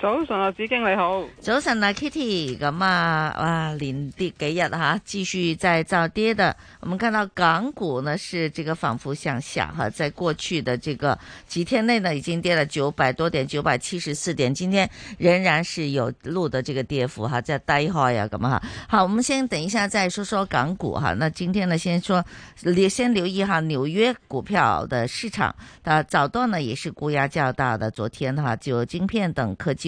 早晨啊，梓瑜，你好。早晨啊，Kitty，咁啊，哇，連跌幾日哈，繼續在照跌的。我們看到港股呢，是這個反復向下哈，在過去的這個幾天內呢，已經跌了九百多點，九百七十四點，今天仍然是有錄的這個跌幅哈，在低開啊，咁啊，好，我們先等一下再說說港股哈。那今天呢，先說你先留意哈，紐約股票的市場，啊，早段呢也是沽壓較大的，昨天哈，就晶片等科技。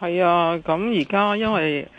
係啊，咁而家因為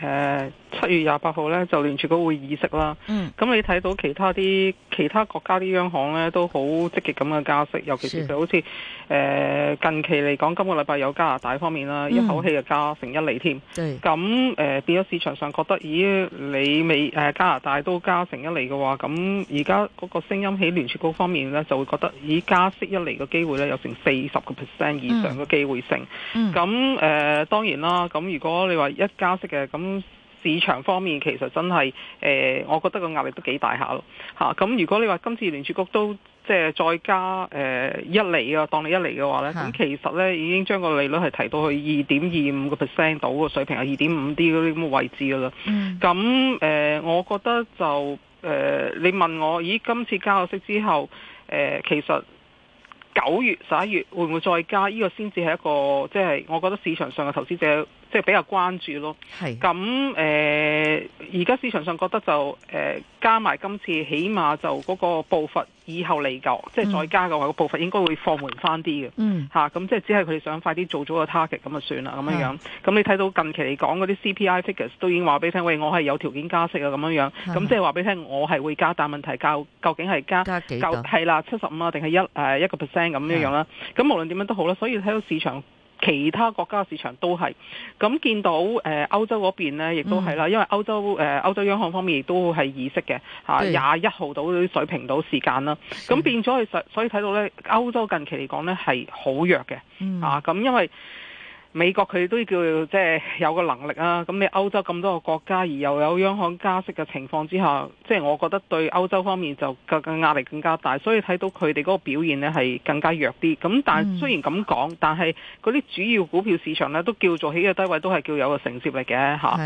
誒七、呃、月廿八號咧就聯儲局會議息啦，咁、嗯、你睇到其他啲其他國家啲央行咧都好積極咁樣加息，尤其是就好似誒、呃、近期嚟講，今個禮拜有加拿大方面啦、嗯，一口氣就加成一厘添。咁誒、呃、變咗市場上覺得，咦你未、呃、加拿大都加成一厘嘅話，咁而家嗰個聲音喺聯儲局方面咧就會覺得，咦加息一厘嘅機會咧有成四十個 percent 以上嘅機會成。咁、嗯、誒、嗯呃、當然啦。啊，咁如果你話一加息嘅，咁市場方面其實真係，誒、呃，我覺得個壓力都幾大下咯，吓、啊，咁如果你話今次聯儲局都即係再加，誒、呃，一厘啊，當你一厘嘅話咧，咁其實咧已經將個利率係提到去二點二五個 percent 度嘅水平，係二點五啲嗰啲咁嘅位置噶啦，咁、mm.，誒、呃，我覺得就，誒、呃，你問我，咦，今次加咗息之後，誒、呃，其實。九月、十一月會唔會再加？呢個先至係一個，即係我覺得市場上嘅投資者。即係比較關注咯，係咁誒。而、嗯、家市場上覺得就誒加埋今次，起碼就嗰個步伐以後嚟夠、嗯，即係再加嘅話，個步伐應該會放緩翻啲嘅。嗯，咁、啊、即係只係佢哋想快啲做咗個 target 咁就算啦，咁樣樣。咁你睇到近期嚟講嗰啲 CPI figures 都已經話俾你聽，喂，我係有條件加息啊，咁樣樣。咁即係話俾你聽，我係會加，但問題究竟係加幾多？係啦，七十五啊，定係一一個 percent 咁樣樣啦。咁無論點樣都好啦，所以睇到市場。其他國家嘅市場都係，咁見到誒、呃、歐洲嗰邊呢，亦都係啦、嗯，因為歐洲誒呃、歐洲央行方面亦都係意識嘅，嚇廿一號到水平到時間啦，咁變咗佢，所以睇到呢歐洲近期嚟講呢，係好弱嘅、嗯，啊咁因為。美國佢都叫即係有個能力啊！咁你歐洲咁多個國家而又有央行加息嘅情況之下，即係我覺得對歐洲方面就更加壓力更加大，所以睇到佢哋嗰個表現呢係更加弱啲。咁但係雖然咁講，但係嗰啲主要股票市場呢都叫做起嘅低位，都係叫有個承接力嘅吓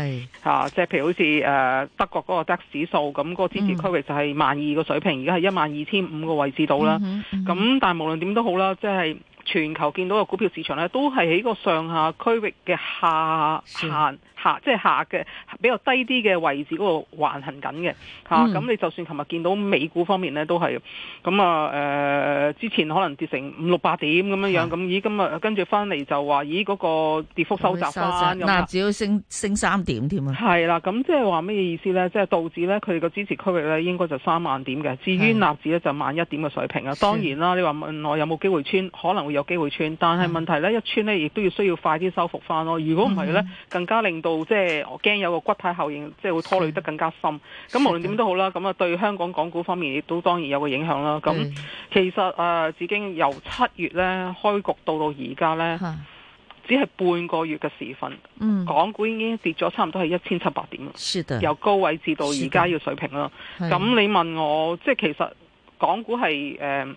吓，即係譬如好似誒德國嗰個德指數，咁、那、嗰個支持區域就係萬二個水平，而家係一萬二千五個位置度啦。咁但係無論點都好啦，即係。全球見到嘅股票市場呢，都係喺個上下區域嘅下限。即係下嘅比較低啲嘅位置嗰，那個橫行緊嘅嚇，咁，嗯啊、你就算琴日見到美股方面呢，都係咁啊誒，之前可能跌成五六百點咁樣樣，咁咦今日跟住翻嚟就話咦嗰，那個跌幅收窄翻，只指升升三點添啊！係啦，咁即係話咩意思呢？即係道指呢，佢哋個支持區域呢，應該就三萬點嘅，至於納指呢，就萬一點嘅水平啊。當然啦，你話問我有冇機會穿，可能會有機會穿，但係問題呢，一穿呢亦都要需要快啲收復翻咯。如果唔係呢，嗯，更加令到即係我驚有個骨牌效應，即係會拖累得更加深。咁無論點都好啦，咁啊對香港港股方面亦都當然有個影響啦。咁其實誒，已、呃、經由七月咧，開局到到而家咧，只係半個月嘅時分、嗯，港股已經跌咗差唔多係一千七百點，由高位至到而家要水平啦。咁你問我，即係其實港股係誒。呃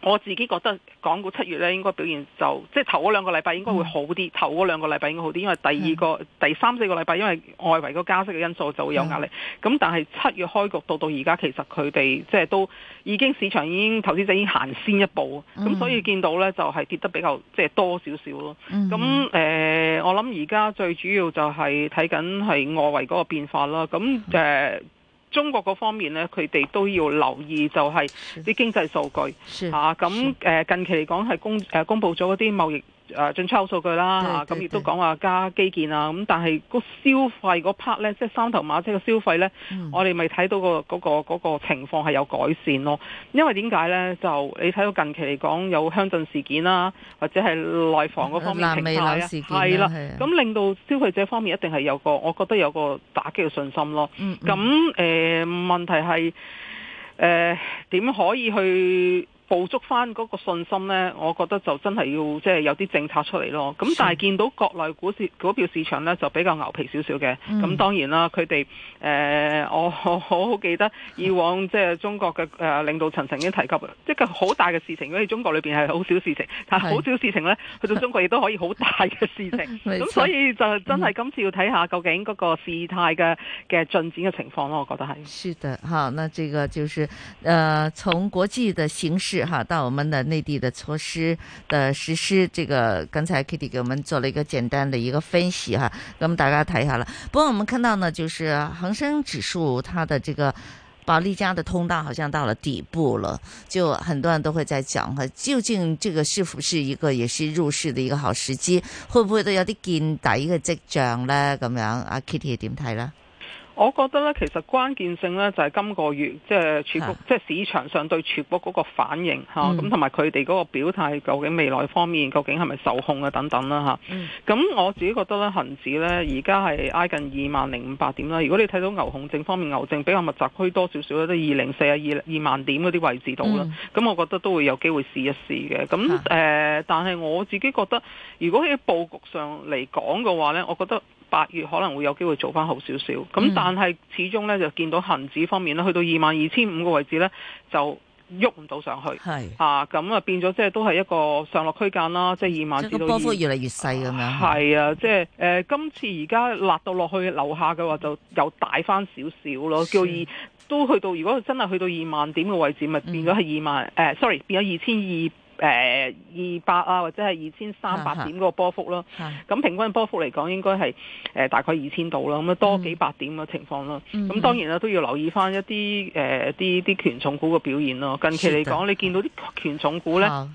我自己覺得港股七月咧應該表現就，即係頭嗰兩個禮拜應該會好啲，頭嗰兩個禮拜應該好啲，因為第二個、嗯、第三四個禮拜因為外圍嗰加息嘅因素就會有壓力。咁、嗯嗯、但係七月開局到到而家，其實佢哋即係都已經市場已經投資者已經行先一步，咁、嗯、所以見到咧就係、是、跌得比較即係多少少咯。咁、嗯、誒、呃，我諗而家最主要就係睇緊係外圍嗰個變化啦。咁誒。呃嗯中國嗰方面咧，佢哋都要留意，就係啲經濟數據嚇。咁誒、啊、近期嚟講係公誒公佈咗嗰啲貿易。誒、啊、進抄數據啦，咁亦、啊、都講話加基建啊，咁但係個消費嗰 part 咧，即、就、係、是、三頭馬車嘅消費咧、嗯，我哋咪睇到、那個嗰、那個嗰、那個情況係有改善咯。因為點解咧？就你睇到近期嚟講有鄉鎮事件啦、啊，或者係內防嗰方面情況啊，係、啊、啦，咁令到消費者方面一定係有個，我覺得有個打擊嘅信心咯。咁、嗯、誒、嗯呃、問題係誒點可以去？捕捉翻嗰個信心呢，我覺得就真係要即係、就是、有啲政策出嚟咯。咁但係見到國內股市股票市場呢，就比較牛皮少少嘅。咁、嗯、當然啦，佢哋誒我我，我好記得以往即係、就是、中國嘅誒、呃、領導層曾經提及，即係好大嘅事情因為中國裏邊係好少事情，但係好少事情呢，去到中國亦都可以好大嘅事情。咁 所以就真係今次要睇下究竟嗰個事態嘅嘅進展嘅情況咯，我覺得係。是的，哈，呢這個就是，呃，從國際的形勢。哈，到我們的內地的措施的實施，這個剛才 Kitty 給我們做了一個簡單的一個分析哈，啊、給我們大家看一下了。不過我們看到呢，就是恒生指數它的這個保利加的通道好像到了底部了，就很多人都會在講，究竟這個是否是一個也是入市的一個好時機，會不會都有啲見底嘅跡象呢？咁樣，阿 Kitty 點睇呢？我覺得咧，其實關鍵性咧就係、是、今個月即係儲局即係市場上對儲局嗰個反應嚇，咁同埋佢哋嗰個表態，究竟未來方面究竟係咪受控啊等等啦嚇。咁、嗯、我自己覺得咧，恆指咧而家係挨近二萬零五百點啦。如果你睇到牛熊證方面，牛證比較密集區多少少咧，都二零四啊二二萬點嗰啲位置度啦。咁、嗯、我覺得都會有機會試一試嘅。咁、嗯呃嗯、但係我自己覺得，如果喺佈局上嚟講嘅話咧，我覺得。八月可能會有機會做翻好少少，咁、嗯、但係始終呢就見到恒指方面呢去到二萬二千五個位置呢，就喐唔到上去，嚇咁啊就變咗即係都係一個上落區間啦，就是、20，即係二萬至到點點二。個波幅越嚟越細咁樣。係啊，即係今次而家辣到落去留下嘅話就又大翻少少咯，叫二都去到如果真係去到二萬點嘅位置，咪變咗係二萬誒，sorry 變咗二千二。誒二百啊，或者係二千三百點嗰個波幅咯，咁、嗯嗯、平均波幅嚟講應該係誒大概二千度啦，咁啊多幾百點嘅情況咯。咁、嗯嗯、當然啦，都要留意翻一啲誒啲啲權重股嘅表現咯。近期嚟講，你見到啲權重股咧。嗯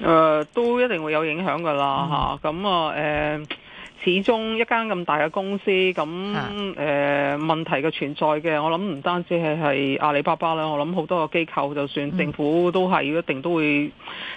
誒、呃、都一定會有影響㗎啦嚇，咁啊誒、呃，始終一間咁大嘅公司，咁、呃、誒問題嘅存在嘅，我諗唔單止係係阿里巴巴啦，我諗好多個機構，就算、嗯、政府都係一定都會，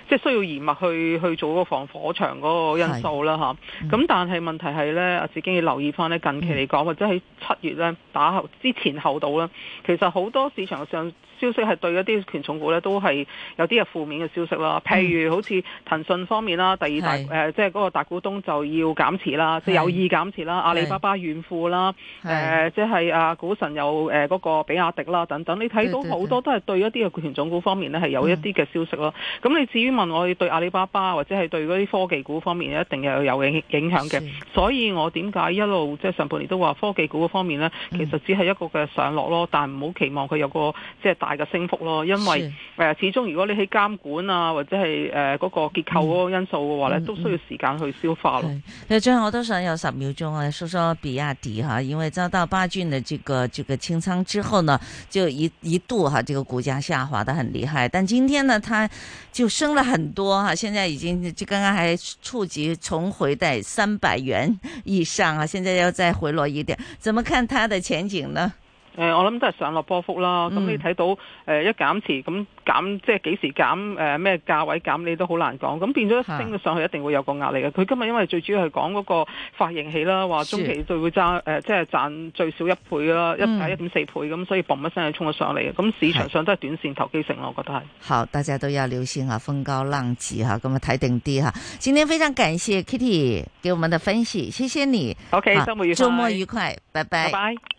即係需要嚴密去去做嗰個防火牆嗰個因素啦嚇，咁、啊嗯、但係問題係呢，啊，自己要留意翻近期嚟講、嗯、或者喺七月呢打後之前後到呢，其實好多市場上。消息係對一啲權重股咧都係有啲係負面嘅消息啦，譬如好似騰訊方面啦，嗯、第二大誒即係嗰個大股東就要減持啦，即、就是、有意減持啦；阿里巴巴軟庫啦，誒即係啊股神有誒嗰、呃那個比亞迪啦等等。你睇到好多都係對一啲嘅權重股方面咧係有一啲嘅消息咯。咁、嗯、你至於問我對阿里巴巴或者係對嗰啲科技股方面一定又有影影響嘅，所以我點解一路即係、就是、上半年都話科技股嗰方面咧，其實只係一個嘅上落咯，但唔好期望佢有個即係、就是大嘅升幅咯，因為誒始終如果你喺監管啊或者係誒嗰個結構的因素嘅話咧、嗯，都需要時間去消化咯。有最後我都想有十秒鐘啊，說說比亞迪，因為遭到巴郡嘅這個這個清倉之後呢，就一一度哈，這個股價下滑得很厲害。但今天呢，它就升了很多哈，現在已經就剛剛還觸及重回在三百元以上啊，現在要再回落一點，怎麼看它的前景呢？誒、呃，我諗都係上落波幅啦。咁、嗯、你睇到誒、呃、一減持，咁減即係幾時減？誒、呃、咩價位減？你都好難講。咁變咗升咗上去，一定會有個壓力嘅。佢、啊、今日因為最主要係講嗰個發型起啦，話中期就會賺誒、呃，即係賺最少一倍啦，一打一點四倍咁，所以嘣一聲就衝咗上嚟。咁市場上都係短線投機性，我覺得係。好，大家都要了先下風高浪急嚇、啊，咁啊睇定啲嚇。今天非常感謝 Kitty 給我們的分析，謝謝你。OK，周末愉快。周末愉快。拜拜。拜拜。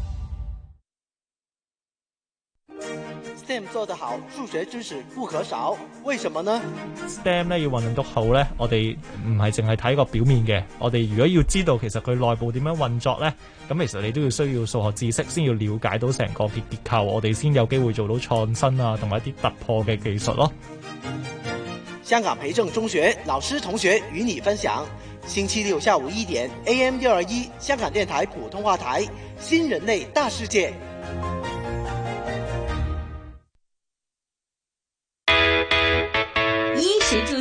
STEM 做得好數學知識不可少，為什麼呢？STEM 咧，要運用得好咧，我哋唔係淨係睇個表面嘅，我哋如果要知道其實佢內部點樣運作咧，咁其實你都要需要數學知識先要了解到成個結構，我哋先有機會做到創新啊同埋一啲突破嘅技術咯。香港培正中學老師同學與你分享，星期六下午一點 AM 六二一，香港電台普通話台，新人類大世界。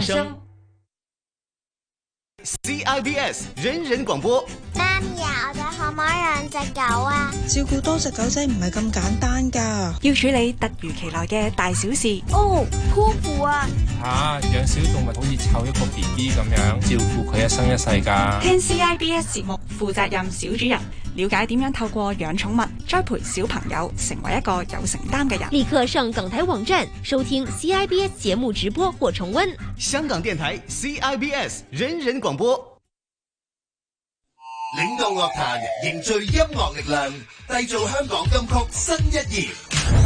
生 CIBS 人人廣播。媽咪啊，我哋可唔可以養隻狗啊？照顧多隻狗仔唔係咁簡單噶，要處理突如其來嘅大小事。哦，姑父啊！吓，養小動物好似湊一個 BB 咁樣，照顧佢一生一世噶。聽 CIBS 節目，負責任小主人。了解點樣透過養寵物栽培小朋友成為一個有承擔嘅人，立刻上港台網站收聽 CIBS 節目直播或重溫。香港電台 CIBS 人人廣播。領導樂壇，凝聚音樂力量，締造香港金曲新一頁。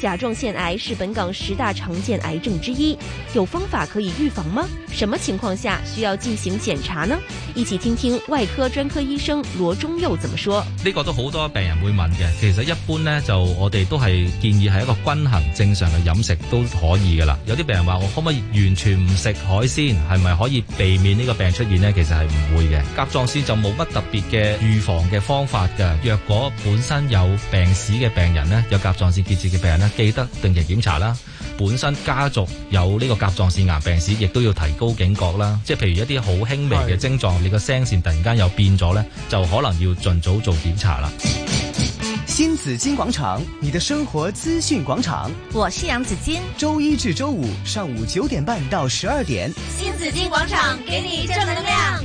甲狀腺癌是本港十大常見癌症之一，有方法可以預防嗎？什麼情況下需要進行檢查呢？一起聽聽外科專科醫生羅忠佑怎麼說。呢個都好多病人會問嘅，其實一般呢，就我哋都係建議係一個均衡正常嘅飲食都可以噶啦。有啲病人話我可唔可以完全唔食海鮮，係咪可以避免呢個病出現呢？其實係唔會嘅。甲狀腺就冇乜特別嘅預防嘅方法嘅。若果本身有病史嘅病人呢，有甲狀腺結節嘅病人呢記得定期檢查啦，本身家族有呢個甲狀腺癌病史，亦都要提高警覺啦。即係譬如一啲好輕微嘅症狀，你個聲線突然間又變咗咧，就可能要盡早做檢查啦。新紫荊廣場，你的生活資訊廣場，我是楊子矜，周一至周五上午九點半到十二點，新紫荊廣場給你正能量。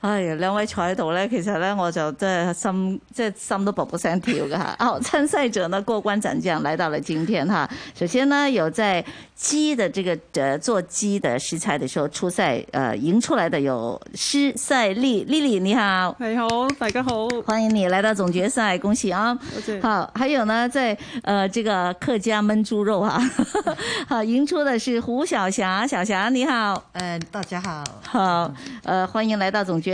哎呀，兩位坐喺度呢，其實呢我就真係心，即係心都卜卜聲跳嘅嚇。啊、 哦，參賽者呢過關斬將，來到了今天嚇、啊。首先呢有在雞的這個呃做雞的食材的時候出賽呃，贏出來的有施賽莉莉莉。你好，你好，大家好，歡迎你來到總決賽，恭喜啊！ 好，還有呢在呃這個客家燜豬肉嚇，好、啊、 贏出的是胡小霞，小霞你好，誒、呃、大家好，好，呃，歡迎來到總決。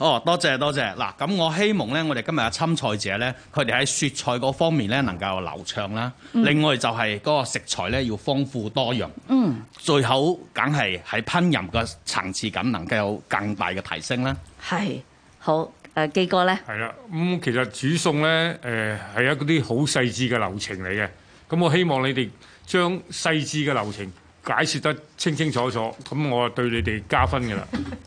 哦，多謝多謝嗱，咁我希望咧，我哋今日嘅參賽者咧，佢哋喺雪菜嗰方面咧能夠流暢啦、嗯，另外就係嗰個食材咧要豐富多樣，嗯，最好梗係喺烹飪嘅層次感能夠有更大嘅提升啦。係。好，誒基哥咧，係啦，咁、嗯、其實煮餸咧，誒係一啲好細緻嘅流程嚟嘅，咁我希望你哋將細緻嘅流程解釋得清清楚楚，咁我對你哋加分㗎啦。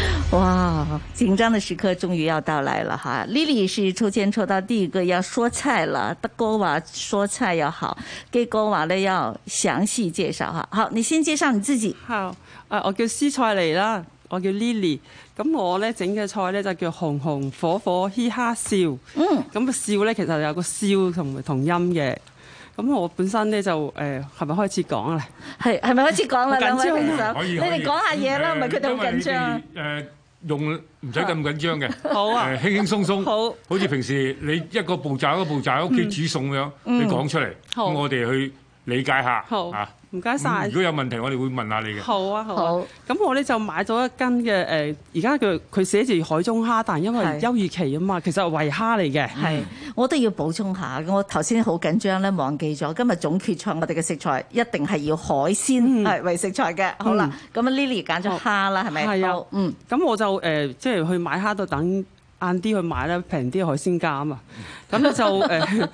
哇！緊張嘅時刻終於要到嚟了哈、啊、Lily 是抽籤抽到第一個要說菜了，德哥話，說菜要好，基哥話，咧要詳細介紹下。好，你先介紹你自己。好，誒，我叫施賽莉啦，我叫 Lily 我。咁我咧整嘅菜咧就叫紅紅火火嘻哈笑。嗯。咁個笑咧其實有個笑同同音嘅。咁我本身咧就誒，係、呃、咪開始講啦？係係咪開始講啦？兩位評審，你哋講下嘢啦，唔係佢哋好緊張。是用唔使咁緊張嘅，誒、啊、輕輕鬆鬆，好似平時你一個步驟一個步驟喺屋企煮餸咁樣，你講出嚟，我哋去，嗯理解下，好，唔該晒。如果有問題，我哋會問下你嘅。好啊，好啊。咁我咧就買咗一斤嘅誒，而家佢佢寫住海中蝦，但係因為休漁期啊嘛，是其實係餵蝦嚟嘅。係，我都要補充下，我頭先好緊張咧，忘記咗今日總決賽我哋嘅食材一定係要海鮮係為食材嘅。嗯、好啦，咁 Lily 揀咗蝦啦，係咪好？係啊，嗯。咁我就誒、呃，即係去買蝦度等晏啲去買啦，平啲海鮮價啊嘛。咁咧、嗯、 就誒，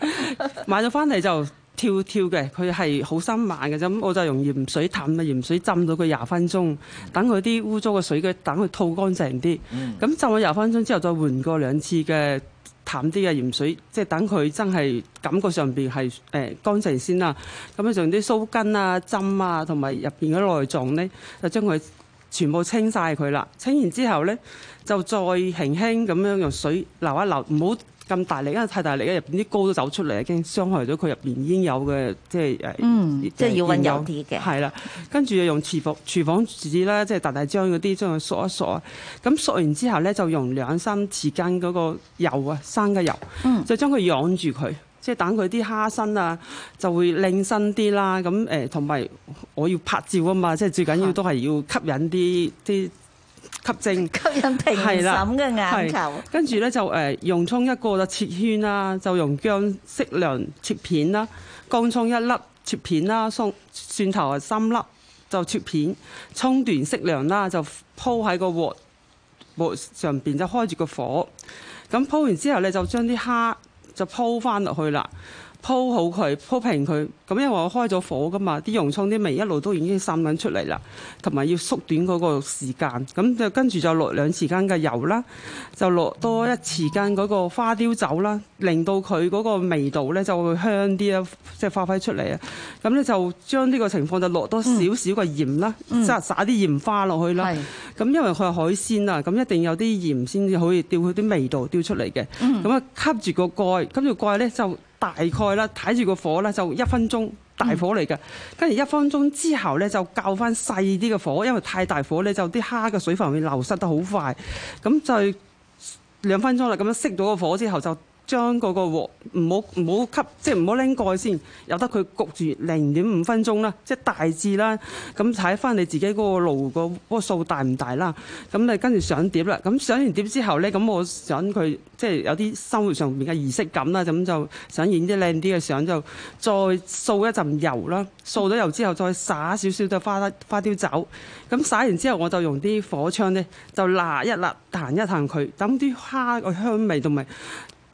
買咗翻嚟就。跳跳嘅，佢係好生猛嘅啫。咁我就用鹽水淡啊，鹽水浸到佢廿分鐘，等佢啲污糟嘅水嘅等佢吐乾淨啲。咁、嗯、浸咗廿分鐘之後，再換過兩次嘅淡啲嘅鹽水，即係等佢真係感覺上邊係誒乾淨先啦。咁就用啲鬚根啊、針啊，同埋入邊嘅內臟咧，就將佢全部清晒佢啦。清完之後咧，就再輕輕咁樣用水流一流，唔好咁大力，因為太大力咧，入邊啲膏都走出嚟，已經傷害咗佢入邊已經有嘅、嗯，即係誒，即係要溫柔啲嘅，係啦。跟住又用廚房廚房紙啦，即係大大將大大張嗰啲將佢索一索啊。咁索完之後咧，就用兩三匙羹嗰個油啊，生嘅油、嗯，就將佢養住佢，即係等佢啲蝦身啊就會靚身啲啦。咁誒，同埋我要拍照啊嘛，即係最緊要都係要吸引啲啲。吸睛吸引皮評審嘅眼球，跟住咧就誒用洋葱一個就切圈啦，就用薑適量切片啦，乾葱一粒切片啦，蒜蒜頭三粒就切片，葱段適量啦就鋪喺個鑊鑊上邊就開住個火，咁鋪完之後咧就將啲蝦就鋪翻落去啦。鋪好佢，鋪平佢。咁因為我開咗火噶嘛，啲融葱啲味一路都已經散緊出嚟啦。同埋要縮短嗰個時間。咁就跟住就落兩匙羹嘅油啦，就落多一匙羹嗰個花雕酒啦，令到佢嗰個味道咧就會香啲啊，即係發揮出嚟啊。咁咧就將呢個情況就落多少少嘅鹽啦，即係灑啲鹽花落去啦。咁因為佢係海鮮啊，咁一定要有啲鹽先至可以調佢啲味道調出嚟嘅。咁、嗯、啊，吸住個蓋，跟住蓋咧就。大概啦，睇住個火咧就一分鐘大火嚟嘅，跟住、嗯、一分鐘之後咧就較翻細啲嘅火，因為太大火咧就啲蝦嘅水分會流失得好快，咁就兩分鐘啦，咁樣熄咗個火之後就。將嗰個鍋唔好唔好吸，即係唔好拎蓋先，由得佢焗住零點五分鐘啦，即係大致啦。咁睇翻你自己嗰個爐、嗰個數大唔大啦。咁你跟住上碟啦。咁上完碟之後呢，咁我想佢即係有啲生活上面嘅儀式感啦。咁就想影啲靚啲嘅相，就再掃一陣油啦。掃咗油之後，再灑少少嘅花花雕酒。咁灑完之後，我就用啲火槍呢，就揦一揦彈一彈佢，等啲蝦個香味同埋。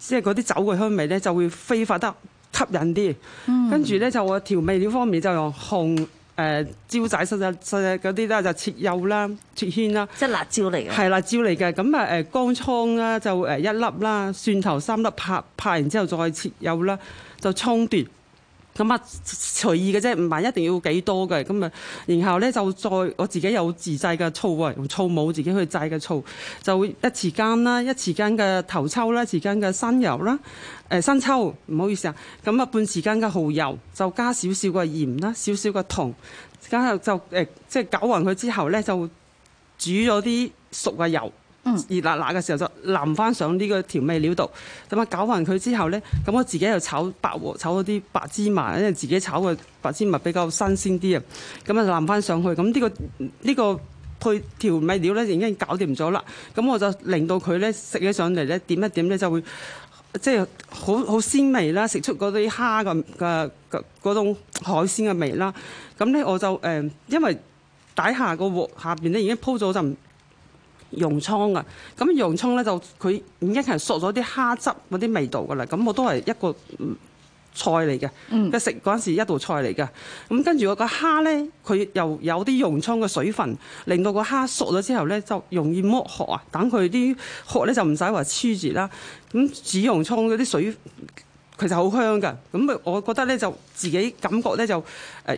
即係嗰啲酒嘅香味咧，就會揮發得吸引啲，嗯。跟住咧就我調味料方面就用紅誒椒仔的，細細細嗰啲啦，就切幼啦，切圈啦。即係辣椒嚟嘅。係辣椒嚟嘅。咁啊誒乾蔥啦，嗯、就誒一粒啦，蒜頭三粒拍拍完之後再切幼啦，就沖調。咁啊，隨意嘅啫，唔係一定要幾多嘅咁啊。然後咧就再我自己有自製嘅醋啊，用醋母自己去製嘅醋，就一匙羹啦，一匙羹嘅頭抽啦，匙羹嘅生油啦，新、呃、生抽，唔好意思啊。咁啊，半匙羹嘅蠔油，就加少少嘅鹽啦，少少嘅糖，加後就即係、欸、攪勻佢之後咧，就煮咗啲熟嘅油。熱辣辣嘅時候就淋翻上呢個調味料度，咁啊，搞勻佢之後呢，咁我自己又炒白鑊，炒咗啲白芝麻，因為自己炒嘅白芝麻比較新鮮啲啊，咁啊淋翻上去，咁呢、呢個呢、呢個配調味料呢已經搞掂咗啦，咁我就令到佢呢食起上嚟呢點一點呢就會即係好好鮮味啦，食出嗰啲蝦咁嘅嗰種海鮮嘅味啦，咁呢我就誒、呃、因為底下個鑊下邊呢已經鋪咗陣。洋葱啊，咁洋葱咧就佢已經係索咗啲蝦汁嗰啲味道噶啦，咁我都係一個菜嚟嘅，嘅食嗰陣時一道菜嚟嘅。咁跟住我個蝦咧，佢又有啲洋葱嘅水分，令到個蝦索咗之後咧，就容易剝殼啊。等佢啲殼咧就唔使話黐住啦。咁煮洋葱嗰啲水其實好香噶，咁我覺得咧就自己感覺咧就誒，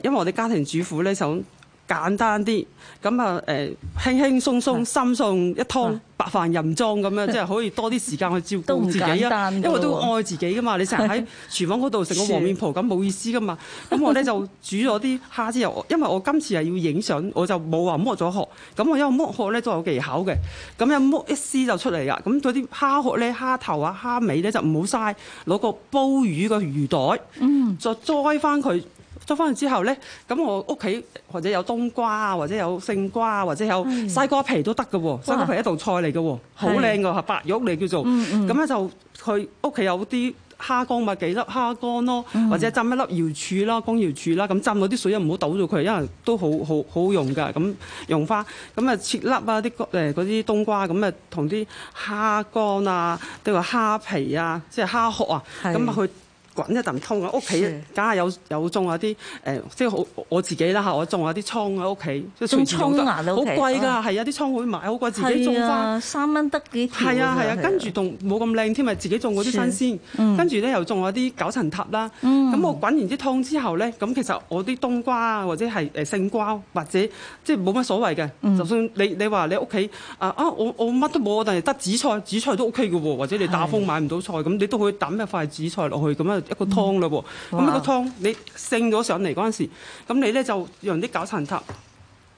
因為我哋家庭主婦咧就。簡單啲，咁啊誒輕輕鬆鬆，三餸一湯白飯任裝咁樣，即係可以多啲時間去照顧自己啊！因為都愛自己㗎嘛，你成日喺廚房嗰度成個黃面婆咁，冇意思㗎嘛。咁我呢就煮咗啲蝦之後， 因為我今次係要影相，我就冇話剝咗殼。咁我因為剝殼呢都有技巧嘅，咁一剝一撕就出嚟喇。咁嗰啲蝦殼呢、蝦頭啊、蝦尾呢就唔好嘥，攞個煲魚個魚袋，嗯、再載返佢。捉翻去之後咧，咁我屋企或者有冬瓜啊，或者有勝瓜啊，或者有西瓜皮都得嘅喎，西瓜皮係一道菜嚟嘅喎，好靚嘅白玉嚟叫做，咁、嗯、咧、嗯、就佢屋企有啲蝦乾咪幾粒蝦乾咯，嗯、或者浸一粒瑤柱啦，幹瑤柱啦，咁浸嗰啲水又唔好倒咗佢，因為都好好好用㗎，咁用返，咁啊切粒啊啲嗰啲冬瓜，咁啊同啲蝦乾啊，即、就、係、是、蝦皮啊，即係蝦殼啊，咁啊滾一啖湯啊！屋企梗係有有種下啲誒，即係好我自己啦嚇，我種下啲葱喺屋企。種葱啊，好貴㗎，係啊，啲葱可以買，好貴。自己種花三蚊得幾？係啊係啊，跟住仲冇咁靚添，咪自己種嗰啲新鮮。嗯、跟住咧又種下啲九層塔啦。嗯。咁我滾完啲湯之後咧，咁其實我啲冬瓜啊，或者係誒勝瓜，或者即係冇乜所謂嘅、嗯。就算你你話你屋企啊啊，我我乜都冇，但係得紫菜，紫菜都 O K 嘅喎。或者你打風買唔到菜，咁你都可以抌一塊紫菜落去咁啊。一個湯嘞喎，咁、嗯、一個湯你勝咗上嚟嗰陣時，咁你咧就用啲九層塔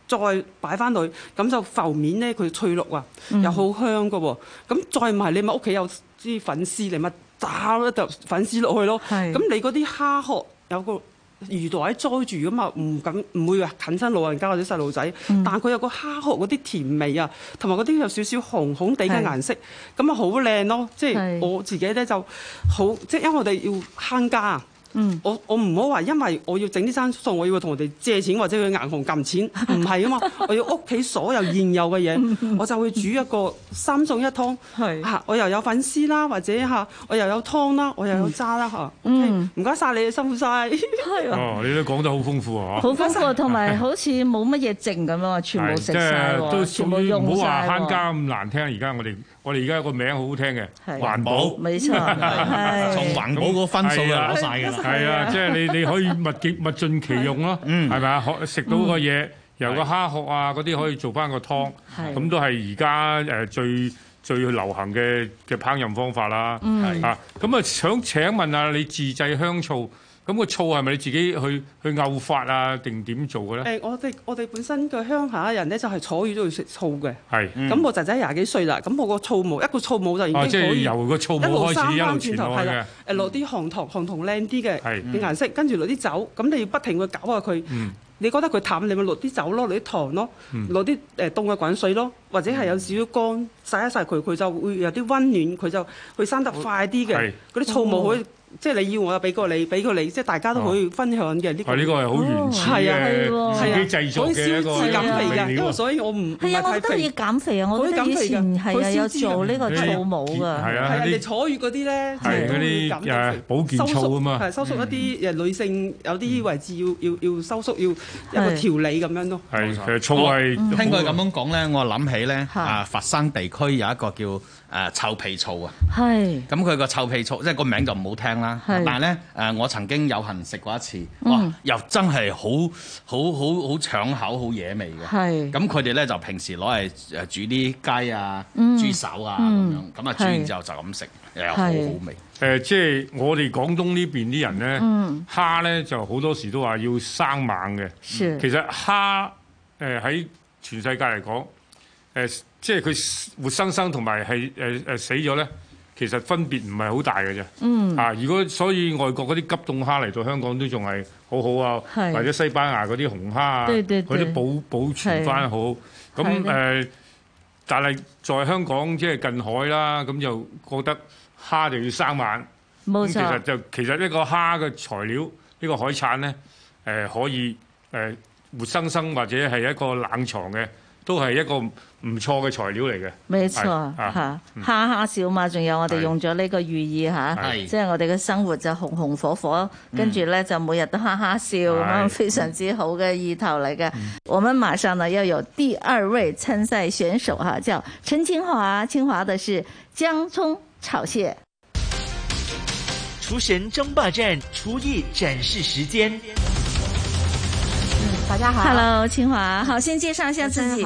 再擺翻落去，咁就浮面咧佢翠綠啊、嗯，又好香嘅喎，咁再唔係你咪屋企有啲粉絲嚟咪炸一碟粉絲落去咯，咁你嗰啲蝦殼有個魚袋載住咁啊，唔敢唔會話啃親老人家或者細路仔。嗯、但係佢有個蝦殼嗰啲甜味啊，同埋嗰啲有少少紅紅哋嘅顏色，咁啊好靚咯，是 即我自己咧就好，即因為我哋要慳家啊。嗯、我我唔好話，因為我要整啲生餸，我要同人哋借錢或者去銀行揼錢，唔係啊嘛？我要屋企所有現有嘅嘢，我就會煮一個三餸一湯，嚇我又有粉絲啦，或者嚇我又有湯啦，我又有渣啦嚇。唔該晒你辛苦晒、嗯。你都講得好豐富啊，嗬。好豐富，同埋好似冇乜嘢剩咁啊，全部食晒。喎、就係，全部用晒喎。唔好話慳家咁難聽，而家我哋我哋而家有個名好好聽嘅，的環保。冇錯，係從環保個分數又攞曬嘅。係啊，即係你你可以物極物盡其用咯，係咪啊？可食，嗯、到個嘢，由個蝦殼啊嗰啲可以做翻個湯，咁都係而家誒最最流行嘅嘅烹飪方法啦。係啊，咁啊想請問下你自製香醋，咁個醋係咪你自己去去釀法啊，定點做嘅咧？誒，我哋我哋本身個鄉下人咧，就係坐月都要食醋嘅。係。咁我仔仔廿幾歲啦，咁我個醋母一個醋母就已經可以由個醋母一路三三轉頭嘅。誒落啲紅糖，紅糖靚啲嘅嘅顏色，跟住落啲酒，咁你要不停去攪下佢。你覺得佢淡，你咪落啲酒咯，落啲糖咯，落啲誒凍嘅滾水咯，或者係有少少乾曬一曬佢，佢就會有啲溫暖，佢就佢生得快啲嘅。嗰啲醋母可以。即係你要我俾個你，俾個你，即係大家都可以分享嘅啲。哦這個呢個係好原始嘅，哦、是啊自己、啊啊啊啊、製作嘅。好消脂感嚟㗎，因為所以我唔，啊，我覺得你要減肥啊！我覺得以前係啊有做呢個酵母㗎。係啊，係啊，啊，你坐月嗰啲咧，係嗰啲又係保健醋、嗯、是啊嘛，係收縮一啲誒女性有啲位置要要要收縮，要一個調理咁樣咯。係其實醋係聽佢咁樣講咧，我諗起咧、嗯、啊，佛山地區有一個叫誒臭屁醋啊。係。咁佢個臭屁醋即係個名就唔好聽。啦，但係咧，誒、呃，我曾經有幸食過一次，哇，又真係好好好好搶口、好惹味嘅。咁佢哋咧就平時攞嚟誒煮啲雞啊、嗯、豬手啊咁樣，咁啊煮完之後就咁食，誒、嗯，又好好味。誒、呃，即係我哋廣東呢邊啲人咧，蝦咧就好多時都話要生猛嘅。其實蝦誒喺、呃、全世界嚟講，誒、呃，即係佢活生生同埋係誒誒死咗咧。其實分別唔係好大嘅啫、嗯，啊！如果所以外國嗰啲急凍蝦嚟到香港都仲係好好啊，或者西班牙嗰啲紅蝦啊，佢都保保存翻好。咁誒、呃，但係在香港即係近海啦，咁就覺得蝦就要生猛。冇錯，其實就其實一個蝦嘅材料，呢個海產咧，誒、呃、可以誒、呃、活生生或者係一個冷藏嘅，都係一個。唔錯嘅材料嚟嘅，冇錯吓，哎啊，哈哈笑嘛，仲有我哋用咗呢個寓意吓，即、哎、係我哋嘅生活就紅紅火火，嗯、跟住咧就每日都哈哈笑，咁、哎、非常之好嘅意頭嚟嘅。我們馬上呢要有第二位參賽選手吓，叫陳清華，清華的是薑蔥炒蟹。廚神爭霸戰，廚藝展示時間。嗯、大家好，Hello，清華，好，先介紹一下自己。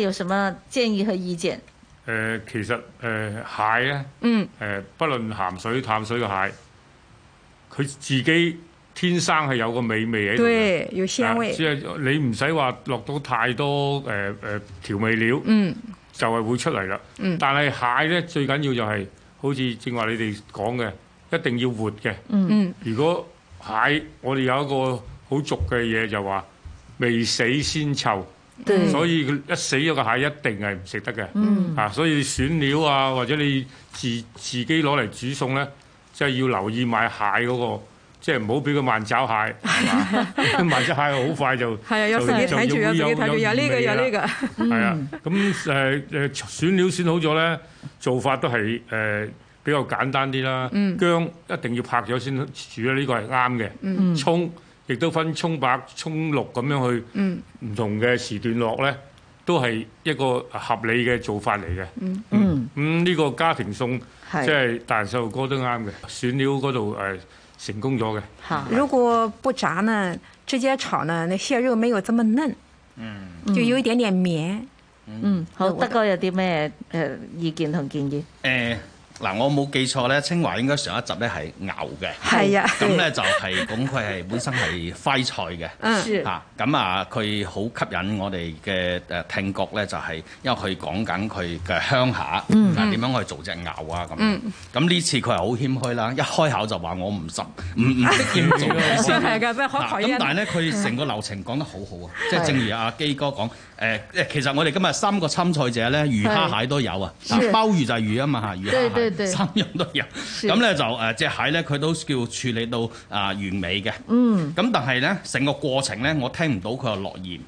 有什麼建議和意見？誒、呃，其實誒、呃，蟹咧，嗯，誒、呃，不論鹹水、淡水嘅蟹，佢自己天生係有個美味喺度嘅，對，有鮮味，即、啊、係你唔使話落到太多誒誒調味料，嗯，就係會出嚟啦。嗯，但係蟹咧最緊要就係、是，好似正話你哋講嘅，一定要活嘅，嗯嗯，如果蟹，我哋有一個好俗嘅嘢就話，未死先臭。所以佢一死咗個蟹一定係唔食得嘅，啊、嗯！所以選料啊，或者你自自己攞嚟煮餸咧，即係要留意買蟹嗰個，即係唔好俾佢慢爪蟹，係 嘛？慢爪蟹好快就係啊！ 有時睇住有，有，有，有，有呢個，有呢個，係 啊！咁誒誒選料選好咗咧，做法都係誒比較簡單啲啦。薑、嗯、一定要拍咗先煮咧，呢個係啱嘅。蔥、嗯亦都分蔥白、蔥綠咁樣去，唔同嘅時段落咧、嗯，都係一個合理嘅做法嚟嘅。嗯，嗯，咁、嗯、呢、嗯這個家庭餸，即係、就是、大人細路哥都啱嘅，選料嗰度誒成功咗嘅。如果不炸呢，直接炒呢，那蟹肉沒有這麼嫩，嗯，就有一點點綿、嗯。嗯，好，德哥有啲咩誒意見同建議？誒、呃。嗱，我冇記錯咧，清華應該上一集咧係牛嘅，咁咧就係咁佢係本身係徽菜嘅，嚇咁啊，佢好吸引我哋嘅誒聽覺咧，就係因為佢講緊佢嘅鄉下，嗱，點樣去做隻牛啊咁，咁呢次佢係好謙虛啦，一開口就話我唔執，唔唔識點做先，咁但係咧佢成個流程講得好好啊，即係正如阿基哥講。誒誒，其實我哋今日三個參賽者咧，魚、蝦、蟹都有啊。鮑是魚就係魚啊嘛，魚蝦蟹魚，對對對三樣都有。咁咧是就誒，隻蟹咧佢都叫處理到啊完美嘅。嗯。咁但係咧，成個過程咧，我聽唔到佢落鹽。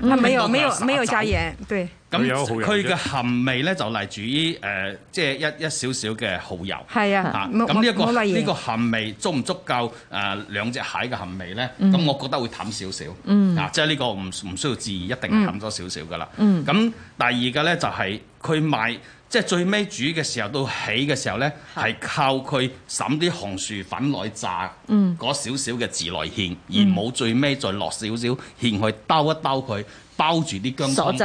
佢冇冇冇加鹽，對。咁佢嘅鹹味咧就嚟自於誒，即係一一少少嘅蠔油。係啊。嚇，咁呢個呢個鹹味足唔足夠誒兩隻蟹嘅鹹味咧？咁我覺得會淡少少。嗯。啊，即係呢個唔唔需要置疑，一定淡咗少少㗎啦。嗯。咁第二個咧就係佢賣。即係最尾煮嘅時候，到起嘅時候呢，係靠佢撒啲紅薯粉來炸，嗰少少嘅自來芡，嗯、而冇最尾再落少少芡去兜一兜佢。包住啲薑汁，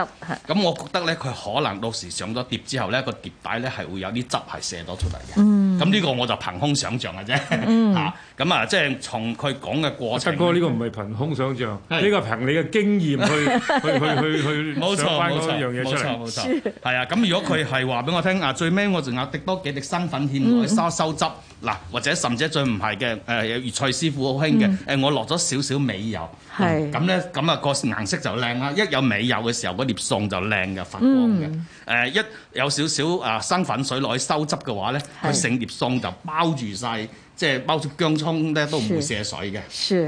咁我覺得呢，佢可能到時上咗碟之後呢，個碟底呢係會有啲汁係射咗出嚟嘅。咁、嗯、呢個我就憑空想象嘅啫。咁、嗯、啊，即 係從佢講嘅過程。哥這個、不哥呢個唔係憑空想象，呢、呢個憑你嘅經驗去去去去 去摸上嗰樣嘢出嚟，冇錯冇錯，係 啊。咁如果佢係話俾我聽 啊，最尾我仲有滴多幾滴生粉芡落去收汁嗱、啊，或者甚至最唔係嘅，誒粵菜師傅好興嘅，我落咗少少美油。係咁咧，咁啊、嗯，嗰個顏色就靚啦。一有尾油嘅時候，嗰碟餸就靚嘅，發光嘅。誒、嗯呃，一有少少啊生粉水落去收汁嘅話咧，佢成是碟餸就包住晒，即係包住薑葱咧都唔會泄水嘅。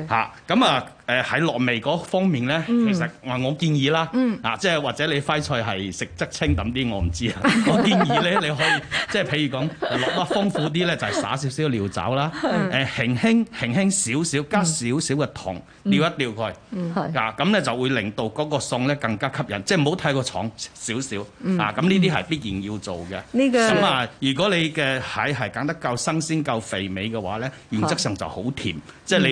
嚇咁啊！誒喺落味嗰方面咧、嗯，其實我建議啦，嗯、啊即係或者你快菜係食質清淡啲，我唔知啊。 我建議咧，你可以即係譬如講落得豐富啲咧，就係灑少少料酒啦。誒、嗯啊，輕輕輕輕少少加少少嘅糖，調、嗯、一調佢、嗯。啊，咁咧就會令到嗰個餸咧更加吸引。即係唔好太過重少少、嗯。啊，咁呢啲係必然要做嘅。咁、這個、啊，如果你嘅蟹係揀得夠新鮮夠肥美嘅話咧，原則上就好甜。即、嗯、係、就是、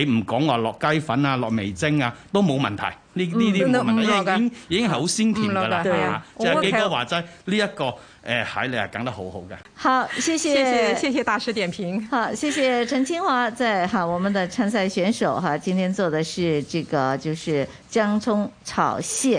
你你唔講話落雞粉。啊，落味精啊，都冇問題。呢呢啲冇問題，因為已經已經係好鮮甜噶啦嚇。就、嗯啊啊、基哥話齋呢一個誒蟹，這個哎，你係講得好好嘅。好，謝謝、謝謝，謝謝大師點評。好，謝謝程清華在哈、啊，我們的參賽選手哈、啊，今天做的是這個，就是薑葱炒蟹。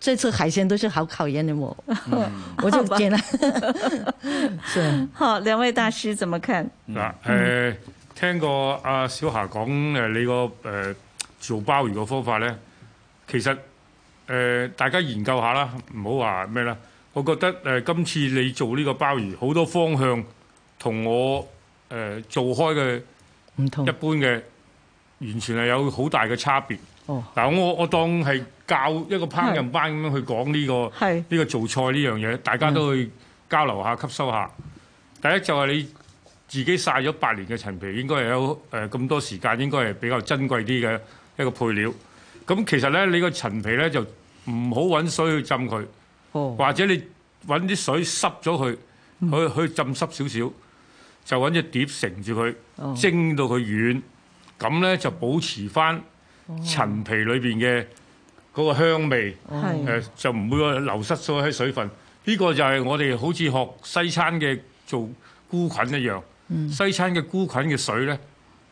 這次海鮮都是好考驗嘅我、嗯，我就唔見啦。是好, 好，兩位大師怎麼看？嗱、嗯，誒、嗯，聽過阿小霞講誒，你個誒做鮑魚嘅方法咧，其實誒大家研究下啦，唔好話咩啦。我覺得誒今次你做呢個鮑魚，好多方向同我誒做開嘅唔同，一般嘅完全係有好大嘅差別。哦，嗱，我我當係。教一個烹飪班咁樣去講呢、呢個呢、呢個做菜呢樣嘢，大家都去交流下、吸收下。第一就係你自己晒咗八年嘅陳皮，應該係有誒咁、呃、多時間，應該係比較珍貴啲嘅一個配料。咁其實咧，你個陳皮咧就唔好揾水去浸佢，oh. 或者你揾啲水濕咗佢，去去浸濕少少，就揾隻碟盛住佢，蒸到佢軟，咁、oh. 咧就保持翻陳皮裏邊嘅。嗰、那個香味，誒、呃、就唔會流失咗啲水分。呢、這個就係我哋好似學西餐嘅做菇菌一樣，嗯、西餐嘅菇菌嘅水咧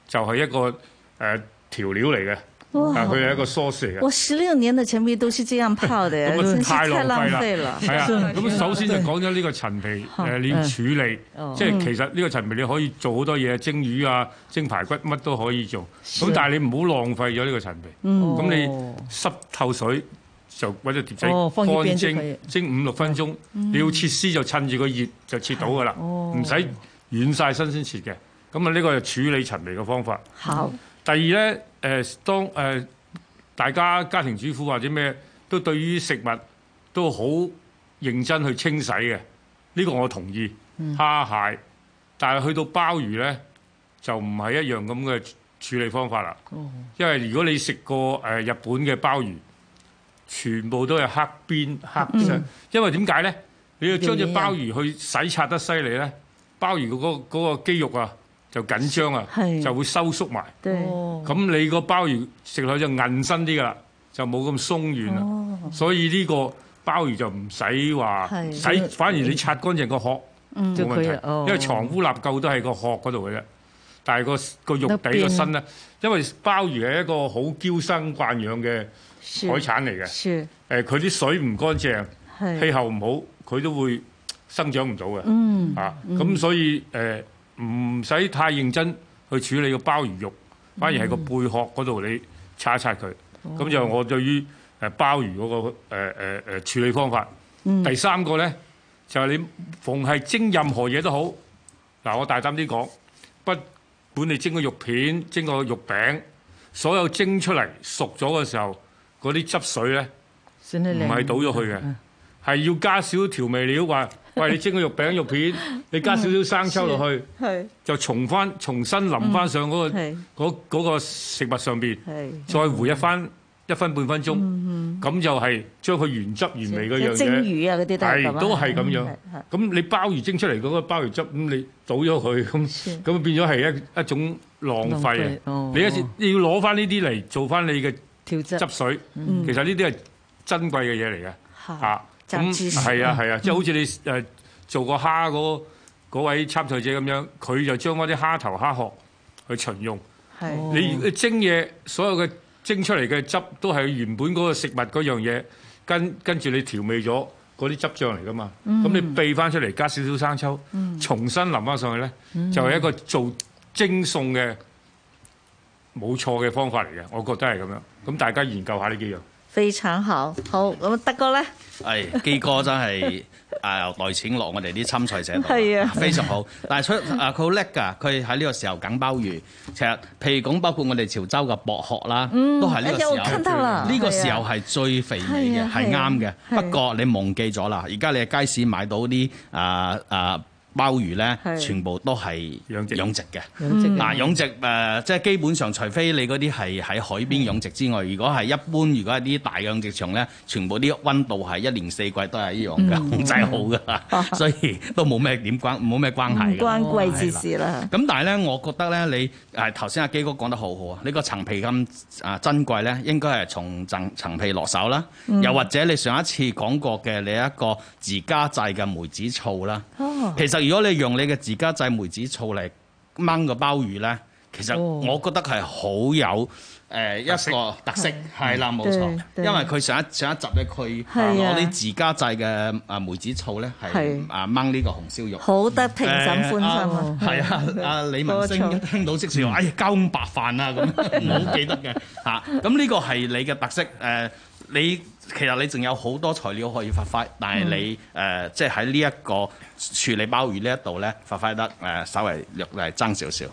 就係、是、一個誒、呃、調料嚟嘅。佢、哦、係一個梳射啊！我十六年嘅陳皮都係這樣泡嘅，咁 太浪費啦！係啊，咁首先就講咗呢個陳皮誒，你、呃、處理，嗯、即係其實呢個陳皮你可以做好多嘢，蒸魚啊、蒸排骨乜都可以做。咁但係你唔好浪費咗呢個陳皮。咁、嗯、你濕透水就揾隻碟仔、哦，乾放蒸蒸五六分鐘、嗯，你要切絲就趁住個熱就切到噶啦，唔使、哦、軟晒、新鮮切嘅。咁啊呢個係處理陳皮嘅方法。好。嗯、第二咧。誒，當、呃、誒大家家庭主婦或者咩都對於食物都好認真去清洗嘅，呢、這個我同意蝦蟹，嗯、但係去到鮑魚呢，就唔係一樣咁嘅處理方法啦。因為如果你食過誒、呃、日本嘅鮑魚，全部都係黑邊黑色，嗯、因為點解呢？你要將隻鮑魚去洗刷得犀利呢，鮑魚嘅嗰嗰個肌肉啊～就緊張啊，就會收縮埋。咁你個鮑魚食落去就硬身啲噶啦，就冇咁鬆軟啦、哦。所以呢個鮑魚就唔使話，使反而你刷乾淨個殼冇、嗯、問題，哦、因為藏污納垢都係個殼嗰度嘅啫。但係、嗰個、嗰個肉底個身咧，因為鮑魚係一個好嬌生慣養嘅海產嚟嘅。誒，佢啲水唔乾淨，氣候唔好，佢都會生長唔到嘅。啊，咁所以誒。嗯呃唔使太認真去處理個鮑魚肉，反而係個貝殼嗰度你擦一擦佢。咁、嗯、就我對於誒鮑魚嗰、嗰個誒誒誒處理方法。嗯、第三個咧就係你逢係蒸任何嘢都好，嗱我大膽啲講，不管你蒸個肉片、蒸個肉餅，所有蒸出嚟熟咗嘅時候，嗰啲汁水咧唔係倒咗去嘅，係、嗯、要加少調味料話。喂！你蒸個肉餅、肉片，你加少少生抽落去，就重翻、重新淋翻上嗰個嗰嗰個食物上邊，再回一翻一分半分鐘，咁就係將佢原汁原味嗰樣嘢。蒸魚啊，嗰啲都係咁啊。係都係咁樣。咁你鮑魚蒸出嚟嗰個鮑魚汁，咁你倒咗佢，咁咁變咗係一一種浪費啊！你一時你要攞翻呢啲嚟做翻你嘅汁水，其實呢啲係珍貴嘅嘢嚟嘅嚇。咁係啊，係啊，即係好似你、呃、做過蝦、嗰嗰位參賽者咁樣，佢就將嗰啲蝦頭蝦殼去循用。你蒸嘢，所有嘅蒸出嚟嘅汁都係原本嗰個食物嗰樣嘢，跟跟住你調味咗嗰啲汁醬嚟噶嘛。咁、嗯、你備翻出嚟，加少少生抽，重新淋翻上去咧，就係、是、一個做蒸餸嘅冇錯嘅方法嚟嘅。我覺得係咁樣。咁大家研究下呢幾樣。非常好，好，咁德哥咧，係、哎、基哥真係誒袋錢落我哋啲參賽者，係啊，非常好。但係出啊佢好叻㗎，佢喺呢個時候梗鮑魚，其實譬如講包括我哋潮州嘅薄殼啦，嗯、都係呢個時候，呢、啊、個時候係最肥美嘅，係啱嘅。啊啊、不過你忘記咗啦，而家你喺街市買到啲啊啊～、呃呃呃鮑魚咧，全部都係養殖嘅。養殖嗱、嗯、養殖誒，即、呃、係基本上，除非你嗰啲係喺海邊養殖之外，嗯、如果係一般，如果啲大養殖場咧，全部啲溫度係一年四季都係一樣嘅，控、嗯、制好嘅、啊，所以都冇咩點關冇咩關係。唔、嗯、關季節事啦。咁但係咧，我覺得咧，你誒頭先阿基哥講得好好啊！你個層皮咁啊珍貴咧，應該係從層層皮落手啦、嗯。又或者你上一次講過嘅你一個自家製嘅梅子醋啦、啊，其實。如果你用你嘅自家製梅子醋嚟燜個鮑魚咧，其實我覺得係好有誒一個特色。係啦、哦，冇是對錯。因為佢上一上一集咧，佢攞啲自家製嘅啊梅子醋咧，係啊燜呢個紅燒肉，好得評審歡心。係啊，阿、 啊啊啊、李文基一聽到即時話，哎，叫碗白飯啊咁，唔 好記得嘅嚇。咁呢個係你嘅特色誒，你。其實你仲有好多材料可以發揮，但係你，嗯呃就是，在即係喺呢一個處理鮑魚呢一度發發揮得稍微略係弱咗少少。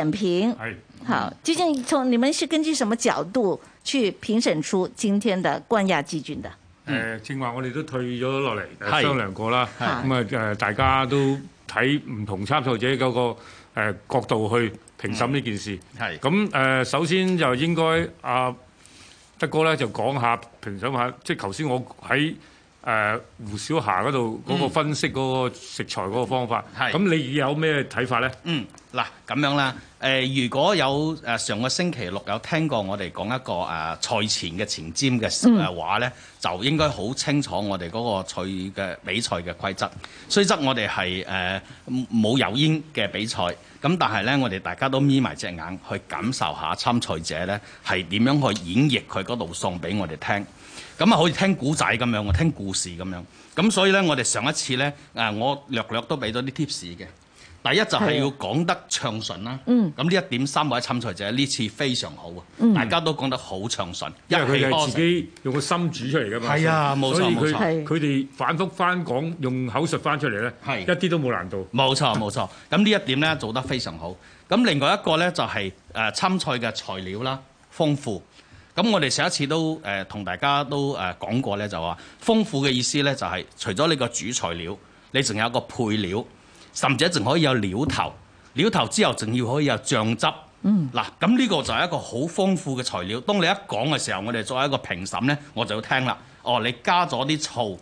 點評係好，究竟，從你們是根據什麼角度去評審出今天的冠亞季軍的？誒、嗯，正、呃、話我哋都退咗落嚟，商量過啦，咁啊誒，大家都睇唔同參賽者嗰個誒角度去評審呢件事。係咁誒，首先就應該阿、啊、德哥咧，就講下評審下，即係頭先我喺。誒、呃、胡小霞嗰度嗰個分析個個食材個個方法，咁、嗯、你有咩睇法呢？嗯，嗱咁樣啦、呃。如果有、呃、上個星期六有聽過我哋講一個誒、呃、賽前嘅前瞻嘅話呢，嗯、就應該好清楚我哋嗰個賽嘅比賽嘅規則。雖則我哋係誒冇油煙嘅比賽，咁但係呢，我哋大家都眯埋隻眼去感受下參賽者呢，係點樣去演繹佢嗰度送俾我哋聽。咁啊，好似聽古仔咁樣，聽故事咁樣。咁所以呢，我哋上一次呢，我略略都俾咗啲 tips 嘅。第一就係要講得暢順啦。嗯。咁呢一點三位參賽者呢、嗯、次非常好啊，大家都講得好暢順，因為佢哋自己用個心煮出嚟㗎嘛。係、嗯、啊，冇錯冇錯。佢哋反覆翻講，用口述翻出嚟呢，係一啲都冇難度。冇錯冇錯。咁呢一點呢，做得非常好。咁另外一個呢，就係誒參賽嘅材料啦，豐富。咁我哋上一次都誒、呃、同大家都誒講、呃、過咧，就話豐富嘅意思咧就係、係、除咗呢個主材料，你仲有個配料，甚至仲可以有料頭。料頭之後仲要可以有醬汁。嗯，嗱，咁呢個就係一個好豐富嘅材料。當你一講嘅時候，我哋作為一個評審咧，我就要聽啦。哦，你加咗啲醋，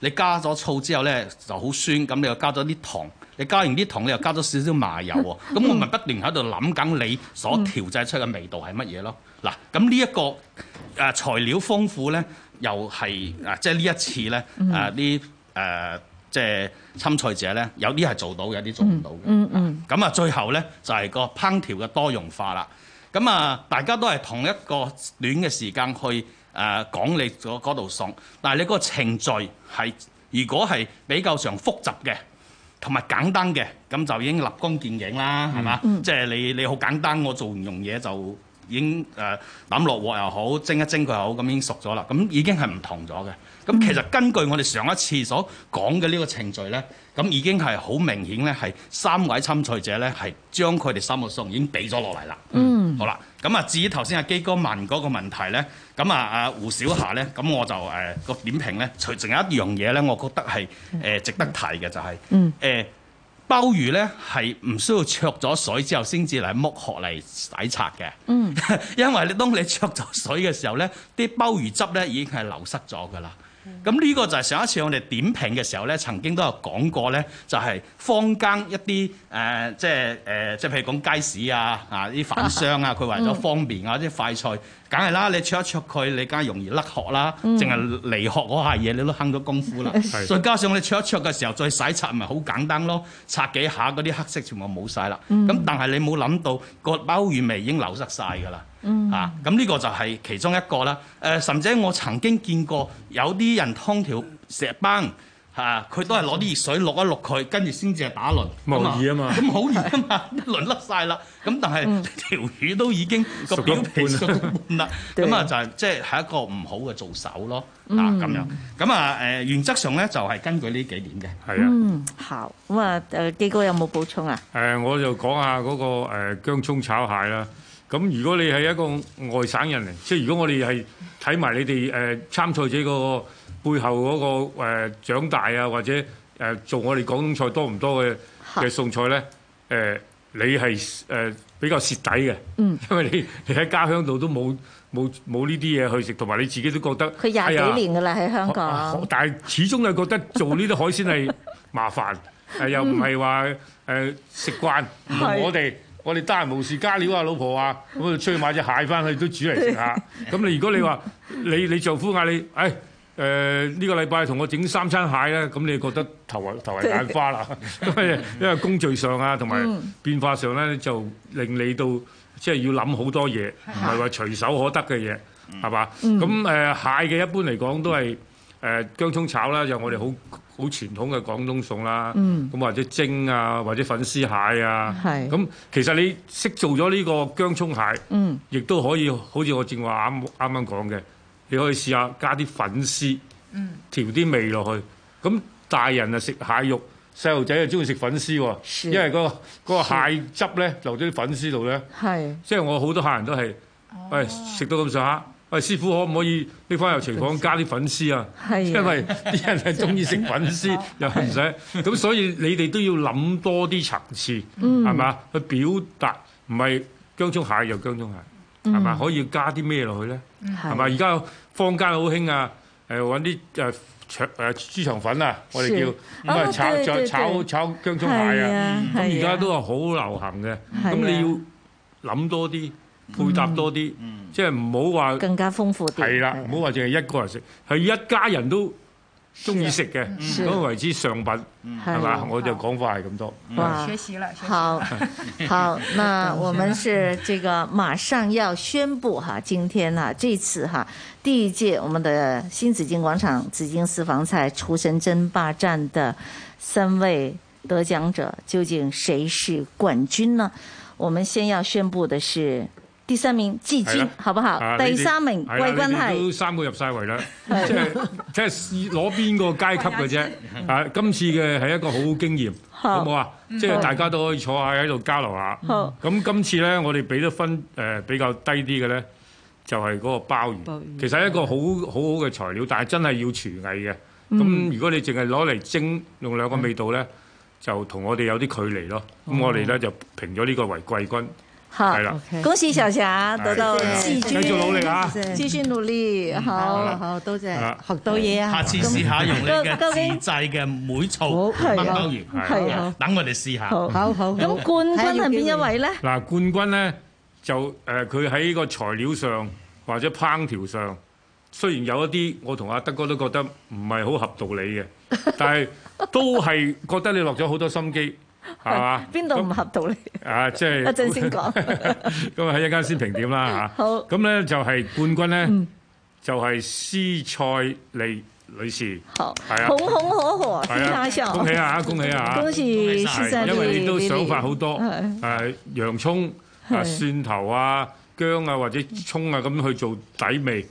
你加咗醋之後咧就好酸。咁你又加咗啲糖，你加完啲糖，你又加咗少少麻油喎。咁、嗯、我咪不斷喺度諗緊你所調製出嘅味道係乜嘢咯？嗯嗯。嗱，咁呢一個誒材料豐富呢，又係誒即係呢一次呢，誒啲誒即係參賽者呢，有啲係做到，有啲做唔到嘅。嗯嗯。咁啊，最後呢，就係、是、個烹調嘅多樣化啦。咁啊，大家都係同一個短嘅時間去誒、呃、講你嗰度餸，但係你嗰個程序係如果係比較上複雜嘅同埋簡單嘅，咁就已經立竿見影啦，係嘛？即、mm-hmm. 係你你好簡單，我做完樣嘢就～已經誒攬落鑊又好，蒸一蒸佢又好，咁已經熟咗啦。咁已經係唔同咗嘅。咁其實根據我哋上一次所講嘅呢個程序咧，咁、嗯、已經係好明顯咧，係三位參賽者咧係將佢哋三個數已經俾咗落嚟啦。嗯。好啦，咁啊，至於頭先阿基哥問嗰個問題咧，咁啊阿胡小霞咧，咁我就誒個、呃、點評咧，除仲有一樣嘢咧，我覺得係誒值得提嘅就係、是、誒。嗯呃鮑魚咧係唔需要焯咗水之後先至嚟剝殼嚟洗刷嘅、嗯，因為你當你焯咗水嘅時候咧，啲鮑魚汁咧已經係流失咗噶啦。咁呢個就係上一次我哋點評嘅時候咧，曾經都有講過咧，就係坊間一啲誒、呃、即係誒、呃、即係、呃、譬如講街市啊啊啲飯商啊，佢為咗方便啊啲、嗯、快菜。梗係啦，你灼一灼佢，你梗係容易甩殼啦。淨係離殼嗰下嘢，你都慳咗功夫啦。再 加上你灼一灼嘅時候，再洗刷咪好簡單咯。擦幾下嗰啲黑色全部冇晒啦。咁、嗯、但係你冇諗到個鮑魚味已經流失晒㗎啦。嚇、嗯，咁、啊、呢個就係其中一個啦。誒、呃，甚至我曾經見過有啲人劏條石斑。嚇、啊！佢都係攞啲熱水淥一淥佢，跟住先至係打輪，冇意啊嘛。咁好熱啊嘛，一 輪甩晒啦。咁但係條魚都已經個、嗯、表皮熟啦。咁啊就係即係係一個唔好嘅做手咯。啊咁樣。咁啊誒原則上咧就係根據呢幾點嘅。係、嗯、啊。好。咁啊誒，基哥有冇補充啊？誒、呃，我就講下嗰、那個誒薑葱炒蟹啦。咁、啊、如果你係一個外省人嚟，即係如果我哋係睇埋你哋誒、呃、參賽者的、那個。背後嗰、那個誒、呃、長大啊，或者誒、呃、做我哋廣東菜多唔多嘅嘅餸菜呢、呃？你係誒、呃、比較蝕底嘅，因為你你喺家鄉度都冇冇冇呢啲嘢去食，同埋你自己都覺得佢廿幾年㗎喇喺香港，啊啊、但係始終係覺得做呢啲海鮮係麻煩， 呃、又唔係話誒食慣，唔、嗯、我哋我哋得閒無事加料啊，老婆啊，咁就出去買隻蟹翻去都煮嚟食下。咁 你如果你話你你丈夫嗌你誒？哎誒、呃、呢、這個禮拜同我整三餐蟹咧，咁你覺得頭暈頭暈眼花啦？ 因為工序上啊，同埋、嗯、變化上咧，就令你到即係、就是、要諗好多嘢，唔係話隨手可得嘅嘢，係、嗯、嘛？咁誒、呃、蟹嘅一般嚟講都係誒、呃、薑葱炒啦，就是、我哋好好傳統嘅廣東餸啦。咁、嗯、或者蒸啊，或者粉絲蟹啊。咁其實你識做咗呢個薑葱蟹，亦、嗯、都可以好似我正話啱啱講嘅。剛剛你可以試下加啲粉絲，調啲味落去。咁大人啊食蟹肉，細路仔啊中意食粉絲喎，因為個個蟹汁咧留咗啲粉絲度咧，即係我好多客人都係，喂、哎、食、哎、到咁上下，喂、哎、師傅可唔可以拎翻入廚房加啲粉絲啊？啊因為啲人係中意食粉絲，啊、又唔使咁，所以你哋都要諗多啲層次，係、嗯、嘛？去表達唔係薑葱蟹又薑葱蟹，係、嗯、咪？可以加啲咩落去咧？係咪、啊？而家、啊。坊間好興啊，誒揾啲誒長誒、啊、豬腸粉、哦、對對對啊，我哋叫，唔係炒炒炒薑葱蟹啊，咁而家都係好流行嘅，咁、啊、你要諗多啲，配搭多啲，即係唔好話更加豐富啲，係啦、啊，唔好話淨係一個人食，係一家人都。中意食嘅，咁、嗯、為之上品，係嘛？我就講法係咁多、嗯。好，學習了學習了好， 好，那我們是這個馬上要宣布哈、啊，今天哈、啊、這次哈、啊、第一屆我們的新紫荊廣場 紫荊私房菜廚神爭霸戰的三位得獎者，究竟誰是冠軍呢？我們先要宣布的是。第三名至尊、啊，好不好？啊、第三名是、啊、貴君係。們都三個入晒圍啦，即係即係攞邊個階級嘅啫。 啊，今次嘅係一個好經驗，好冇啊、嗯！即係大家都可以坐下喺度交流下。咁今次咧，我哋俾得分誒、呃、比較低啲嘅咧，就係、是、嗰個鮑魚，鮑魚。其實是一個很、嗯、很好好好嘅材料，但係真係要廚藝嘅。咁、嗯、如果你淨係攞嚟蒸，用兩個味道咧、嗯，就同我哋有啲距離咯。咁我哋咧就平咗呢個為貴君。係啦，恭喜、啊 okay、小霞，多多、啊，繼續努力啊，繼續努力，好好，多謝,謝，學到嘢啊，下次試下用呢個自製嘅梅醋當然係，等、嗯嗯啊啊啊啊、我哋試下，好，好，咁冠軍係邊一位咧？嗱，冠軍咧就誒，佢、呃、喺個材料上或者烹調上，雖然有一啲我同阿德哥都覺得唔係好合道理嘅， 但係都係覺得你落咗好多心機。係啊，邊度唔合道理？啊，即、就、係、是、 一陣先講。咁啊，喺一間先評點啦嚇。好。咁咧就係冠軍咧、嗯，就係施賽莉女士。好，是啊、紅紅火火，施、啊、先恭喜啊！恭喜啊！恭喜施生，因為你都想法好多洋蔥，誒，洋、啊、葱、誒蒜頭啊、薑啊或者葱啊咁去做底味。咁、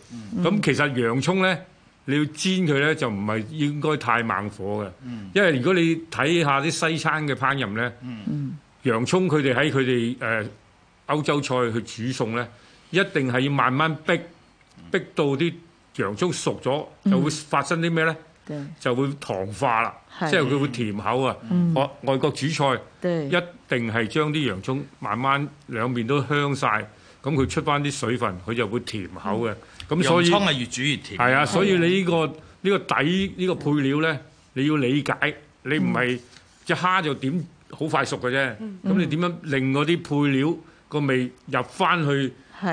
嗯、其實洋葱咧，你要煎佢咧，就唔係應該太猛火嘅，因為如果你睇下啲西餐嘅烹飪咧、嗯，洋葱佢哋喺佢哋誒歐洲菜去煮餸咧，一定係要慢慢逼逼到啲洋葱熟咗，就會發生啲咩咧？就會糖化啦，即係佢會甜口啊！外、嗯、外國煮菜一定係將啲洋葱慢慢兩面都香晒，咁佢出翻啲水分，佢就會甜口嘅。嗯。所以越煮越甜、啊、所以你呢、呢個呢個底呢、呢個配料咧，你要理解，你唔係只蝦、嗯、就點好快熟嘅啫，咁、嗯、你點樣令嗰啲配料、個味道入翻去？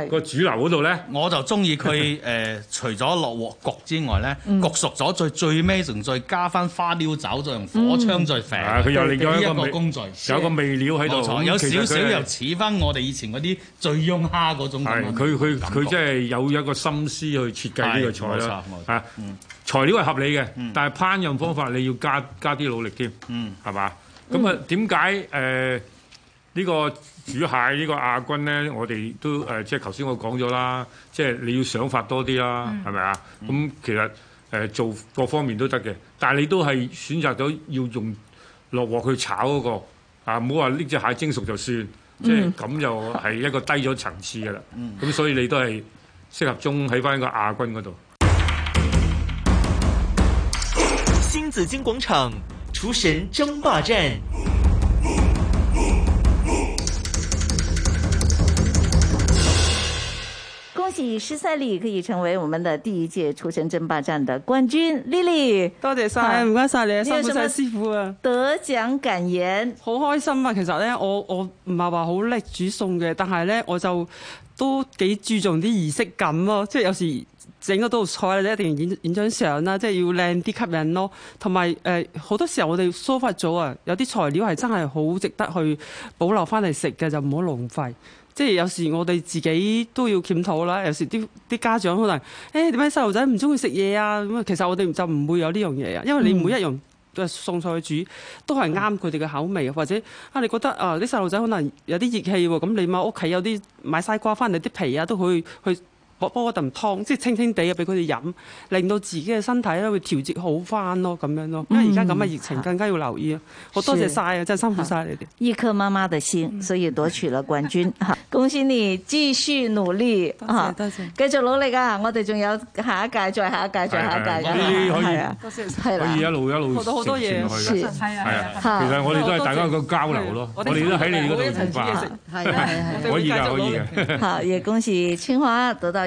個主流嗰度咧，我就中意佢誒，呃、 除咗落鑊焗之外咧、嗯，焗熟咗再最尾仲再加翻花雕酒，再用火槍再肥。佢、嗯、有另外一個、這個工序，有個味料喺度，嗯、有少少又似翻我哋以前嗰啲醉翁蝦嗰種。佢佢佢即係有一個心思去設計呢個菜啦。啊，嗯、材料係合理嘅、嗯，但係烹飪方法你要加加啲努力添。嗯，係嘛？咁啊，點解誒？這個主這個、呢個煮蟹呢個亞軍咧，我哋都誒、呃，即係頭先我講咗啦，即係你要想法多啲啦，係咪啊？咁其實誒、呃、做各方面都得嘅，但係你都係選擇咗要用落鑊去炒嗰、那個啊，唔好話拎隻蟹蒸熟就算，嗯、即係咁就係一個低咗層次嘅啦。咁、嗯、所以你都係適合中喺翻一個亞軍嗰度。新紫荊廣場，廚神爭霸戰。以施賽莉可以成為我們的第一屆廚神爭霸戰的冠軍，Lily。多謝晒，唔該晒你，辛苦晒師傅啊。你得獎感言，好開心啊！其實咧，我我唔係話好叻煮餸嘅，但係咧我就都幾注重啲儀式感咯、哦。即係有時整嗰道菜咧，一定影影張相啦，即係要靚啲吸引咯。同埋誒，好、呃、多時候我哋疏忽咗啊，有啲材料係真係好值得去保留翻嚟食嘅，就唔好浪費。即係有時我哋自己都要檢討啦。有時啲啲家長可能，誒點解細路仔唔中意食嘢啊？咁其實我哋就唔會有呢樣嘢啊。因為你每一樣嘅餸菜煮都係啱佢哋嘅口味，嗯、或者啊，你覺得啊啲細路仔可能有啲熱氣喎，咁你咪屋企有啲買西瓜翻嚟啲皮啊，都可以去。煲波頓湯，即係清清地啊，俾佢哋飲，令到自己嘅身體咧會調節好翻咯，咁樣咯。因為而家咁嘅疫情，更加要留意啊。好多謝晒啊，真係辛苦晒你哋。一顆媽媽嘅心，所以奪取咗冠軍嚇，恭、嗯、喜你，繼續努力，多謝多謝，繼續努力啊！我哋仲有下一屆，再下一屆、啊，再下一屆。呢啲、啊啊、可以可以一路一路學到好多嘢、啊啊啊，其實我哋都係大家嘅交流咯、啊啊，我哋都喺你嗰度學。可以㗎可以㗎。嚇！也恭喜清華得到。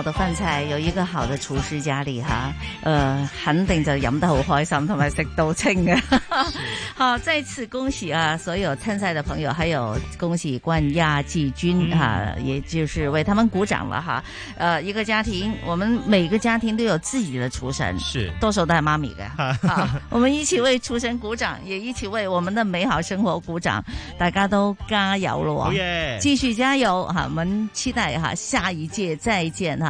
好的飯菜，有一個好的廚師，家裏哈。呃，肯定就飲得好開心，同埋食到清啊。好，再次恭喜啊，所有參賽的朋友，還有恭喜冠亞季軍、嗯、啊，也就是為他們鼓掌了哈。呃，一個家庭，我們每個家庭都有自己的廚神，是多數都係媽咪嘅， 好，我們一起為廚神鼓掌，也一起為我們的美好生活鼓掌，大家都加油咯，yeah. 繼續加油，哈、啊，我們期待哈、啊、下一屆再見哈。